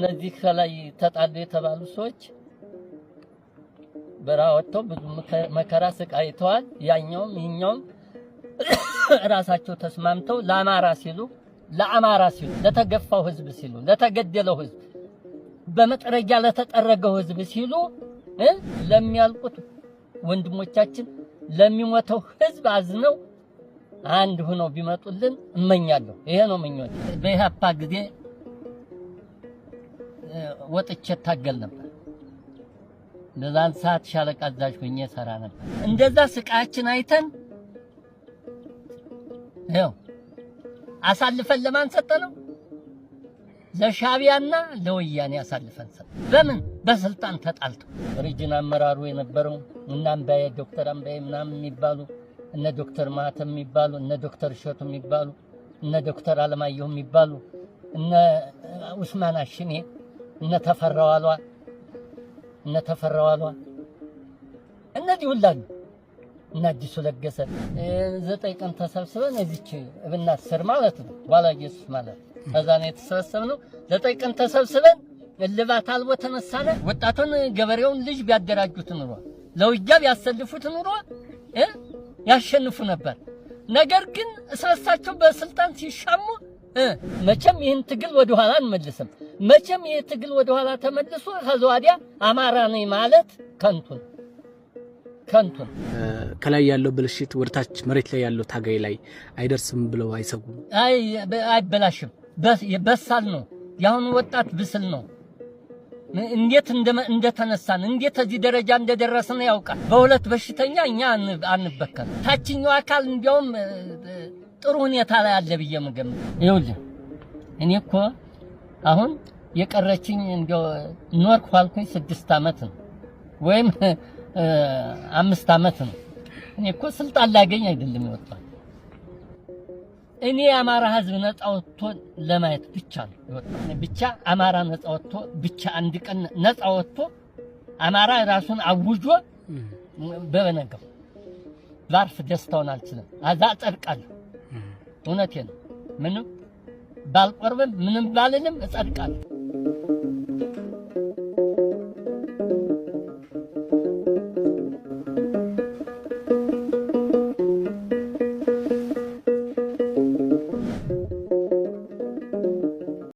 እነዚህ ከላይ ተጣሉ የተባሉ ሰዎች በረሃ ወጥተው ብዙ መከራ ስቃይተዋል። ያኛውም ይኛውም ራሳቸው ተስማምተው ለአማራ ሲሉ ለአማራ ሲሉ ለተገፋው ህዝብ ሲሉ ለተገደለው ህዝብ በመጥረጊያ ለተጠረገው ህዝብ ሲሉ ለሚያልቁት ወንድሞቻችን ለሚሞተው ህዝብ አዝነው አንድ ሆነው ቢመጡልን እመኛለሁ። ይሄ ነው ምኞት። በኢህአፓ ጊዜ ወጥቼ እታገል ነበር። ለዛን ሰዓት ሻለቃ አዛዥ ሆኜ ሰራ ነበር። እንደዛ ስቃያችን አይተን ያው አሳልፈን ለማን ሰጠነው? ለሻቢያና ለወያኔ አሳልፈን ሰጠ። በምን በስልጣን ተጣልቶ ሪጅን አመራሩ የነበረው እና አምባዬ ዶክተር አምባዬ ምናምን የሚባሉ እነ ዶክተር ማተም የሚባሉ እነ ዶክተር እሸቱ የሚባሉ እነ ዶክተር አለማየሁ የሚባሉ እነ ኡስማን አሽኔ እነ ተፈራዋሏ እነ ተፈራዋሏ እነዚህ አዲሱ ለገሰ ዘጠኝ ቀን ተሰብስበን እዚች እብናት ስር ማለት ነው ዋላ ኢየሱስ ማለት ከዛ ነው የተሰበሰብነው። ዘጠኝ ቀን ተሰብስበን እልባት አልቦ ተነሳነ። ወጣቱን ገበሬውን ልጅ ቢያደራጁት ኑሮ ለውጊያ ቢያሰልፉት ኑሮ ያሸንፉ ነበር። ነገር ግን እሳቸው በስልጣን ሲሻሙ መቼም ይህን ትግል ወደኋላ አንመልስም። መቼም ይህ ትግል ወደኋላ ተመልሶ ከዚያ ወዲያ አማራ ነኝ ማለት ከንቱን ከንቱን ከላይ ያለው ብልሽት ወደታች መሬት ላይ ያለው ታጋይ ላይ አይደርስም ብለው አይሰጉም። አይ አይበላሽም። በሳል ነው የአሁኑ ወጣት ብስል ነው። እንዴት እንደተነሳን እንዴት እዚህ ደረጃ እንደደረስን ያውቃል። በሁለት በሽተኛ እኛ አንበከል። ታችኛው አካል እንዲያውም ጥሩ ሁኔታ ላይ አለ ብዬ የምገምት ይኸውልህ፣ እኔ እኮ አሁን የቀረችኝ እንደው ኖርክ ኋልኩኝ ስድስት አመት ነው ወይም አምስት አመት ነው። እኔ እኮ ስልጣን ላገኝ አይደለም ይወጣል። እኔ የአማራ ህዝብ ነፃ ወጥቶ ለማየት ብቻ ነው ይወጣል። ብቻ አማራ ነፃ ወጥቶ ብቻ አንድ ቀን ነፃ ወጥቶ አማራ ራሱን አውጆ በበነገው ላርፍ ደስታውን አልችልም አዛ ጸድቃለሁ እውነቴ ነው። ምንም ባልቆርብም ምንም ባልንም እጸድቃለሁ።